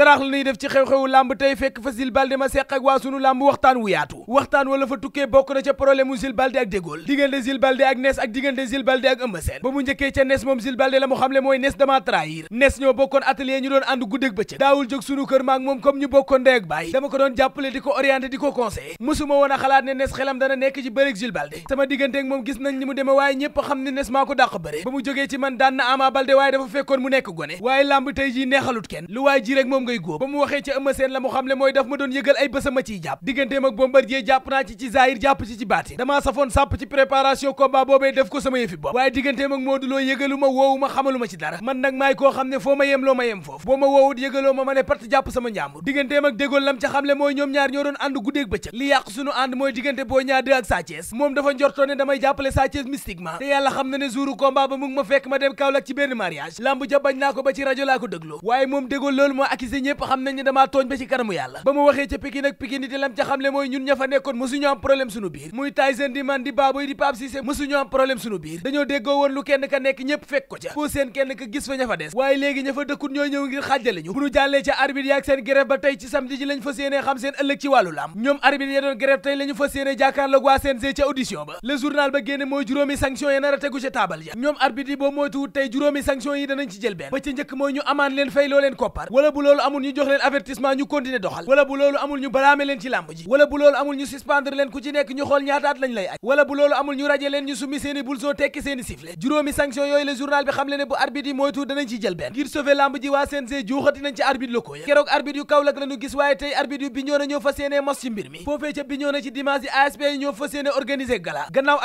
saraax la ñuy def ci xew-xewu làmb tey fekk fa Jules ma seq ak waa sunu làmb waxtaan wu waxtaan wala fa tukkee bokk na ca problème mu ak dégool diggante Jules ak Ness ak diggante Jules ak Eumeu Sène ba mu njëkkee ca Ness moom Jules la mu xamle mooy Ness dama trahir Ness ñoo bokkoon atelier ñu doon ànd guddeeg bëccëg daawul jóg sunu kër maak moom comme ñu bokkoon ndey ak baay dama ko doon jàppale di ko orienté di ko conseillé mësuma a xalaat ne Ness xelam dana nekk ci bëreeg Jules Baldé sama diggante ak ngay góob ba mu waxee ci Eumeu Sène la mu xam mooy daf ma doon yëgal ay bésama ciy jàpp digganteem ak Bombardier jàpp naa ci ci zahir jàpp ci ci baati damaa safoon sàpp ci préparation combat boobee def ko sama yëfi bopp waaye digganteem ak Modou Lo yëgalu ma woowu ma xamalu ma ci dara man nag maay koo xam ne foo ma yem loo ma yem foofu boo ma woowut yëgaloo ma ma ne part jàpp sama njàmbur digganteem ak dégool lam ca xam mooy ñoom ñaar ñoo doon ànd Cissé ñëpp xam nañ ne damaa tooñ ba ci kanamu yàlla ba mu waxee ca Pikine ak Pikine di lam ca xamle mooy ñun ña fa nekkoon mësuñu am problème suñu biir muy Tyson di man di Baboy di Pape Cissé mësuñu am problème suñu biir dañoo déggoo woon lu kenn ka nekk ñëpp fekk ko ca foo seen kenn ka gis fa ña fa des waaye léegi ña fa dëkkut ñoo ñëw ngir xàjjale ñu bu ñu jàllee ca arbitre yaak seen grève ba tey ci samedi ji lañ fas yéene xam seen ëllëg ci loolu amul ñu jox leen avertissement ñu continuer doxal wala bu loolu amul ñu balaame leen ci làmb ji wala bu loolu amul ñu raje leen ñu summi seeni bulson tekki seeni sifflet juróomi sanction yooyu le journal bi xam le bu arbitre yi moytu danañ ci jël benn ngir sauver làmb ji waa CNG juuxati nañ ci arbitre locaux ya keroog arbitre yu Kaolack lañu gis waaye tey arbitre yu Bignona ñoo fas yéene mos ci mbir mi foofee ca Bignona ñoo fas yéene organiser gala gannaaw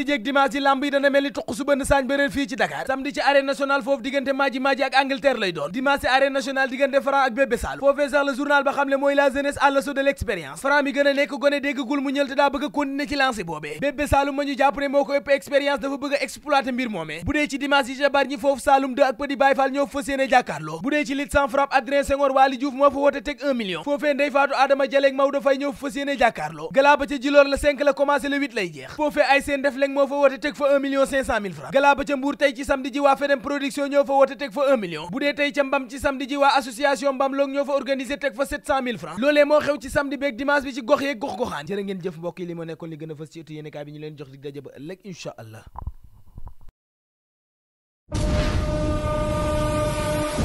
yi ñoo ma mbir moomee bu dee ci dimanche yi jabar ñi foofu Saloum 2 ak Petit Baye Fall ñoo fas yéene jàkkaarloo bu dee ci lutte sans frappe Adrien Senghor Waly Diouf moo fa woote teg 1 million foofee ay seen def leng moo fa woote teg fa fa 1 million 500 mille francs galaa ca mbuur tey ci samedi ji waa Fedem production ñoo fa woote teg fa 1 million bu dee tey ca mbam ci samedi ji waa association mbam loog ñoo fa organiser teg fa 700 mille francs loolee moo xew ci samedi beeg dimanche bi ci gox yeeg gox goxaan jërë ngeen jëf mbokk yi li moo nekkoon li gën a fës ci ëttu bi ñu leen jox dig daje ba ëllëg incha